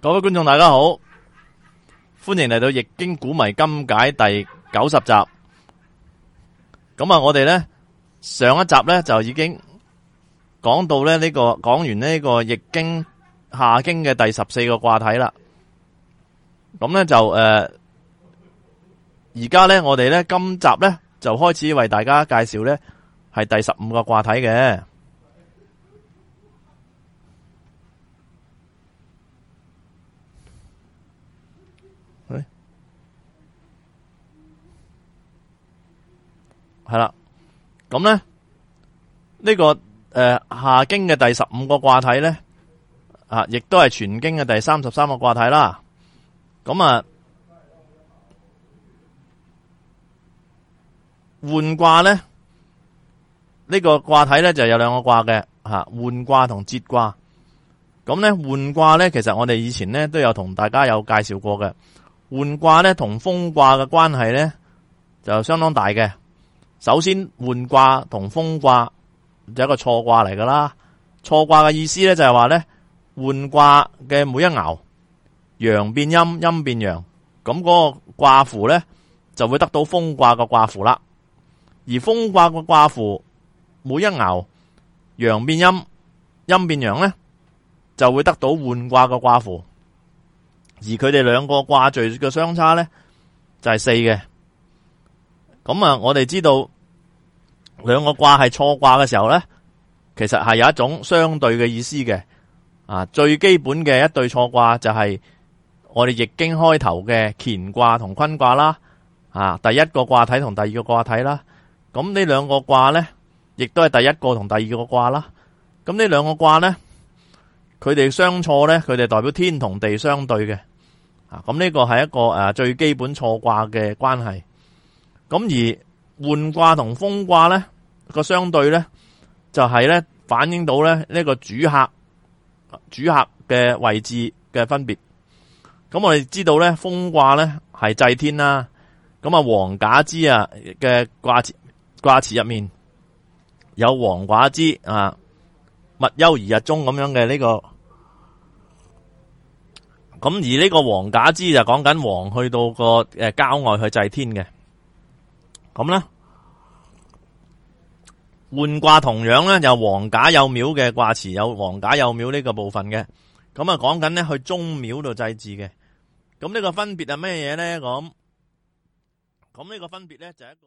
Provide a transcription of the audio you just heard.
各位觀眾大家好，歡迎嚟到《易經古謎今解》第九十集。咁啊，我哋呢，上一集呢，就已經講到咧、這、呢個講完呢、這個《易經》下經嘅第十四個卦體啦。咁呢，就、呃、誒，而家呢，我哋呢，今集呢，就開始為大家介紹呢係第十五個卦體嘅。係啦，咁咧呢個誒、呃、下經嘅第十五個卦體咧，啊，亦都係全經嘅第三十三個卦體啦。咁啊，換卦咧呢、呢個卦體咧就有兩個卦嘅吓，換卦同節卦。咁咧換卦咧，其實我哋以前咧都有同大家有介紹過嘅。換卦咧同風卦嘅關係咧就相當大嘅。首先，換卦同豐卦有一個錯卦嚟噶啦。錯卦嘅意思咧就係話咧，換卦嘅每一爻，陽變陰，陰變陽，咁嗰個卦符咧就會得到豐卦嘅卦符啦。而豐卦嘅卦符每一爻，陽變陰，陰變陽咧，就會得到換卦嘅卦符。而佢哋兩個卦序嘅相差咧就係四嘅。咁啊、嗯，我哋知道兩個卦係錯卦嘅時候呢，其實係有一種相對嘅意思嘅。啊，最基本嘅一對錯卦就係我哋易經開頭嘅乾卦同坤卦啦。啊，第一個卦體同第二個卦體啦。咁、啊、呢兩個卦呢，亦都係第一個同第二個卦啦。咁、啊、呢兩個卦呢，佢哋相錯呢，佢哋代表天同地相對嘅。啊，咁、這、呢個係一個誒、啊、最基本錯卦嘅關係。咁而換卦同封卦咧個相對咧就係咧反映到咧呢個主客主客嘅位置嘅分別。咁我哋知道咧封卦咧係祭天啦。咁啊王假之啊嘅卦詞卦詞入面有王假之啊勿憂而日中咁樣嘅呢個。咁而呢個王假之就講緊王去到個誒郊外去祭天嘅。咁咧，渙卦同樣咧，有王假有廟嘅卦辭有王假有廟呢個部分嘅，咁啊講緊咧去宗廟度祭祀嘅，咁呢個分別係咩嘢咧？咁，咁呢個分別咧就係一個。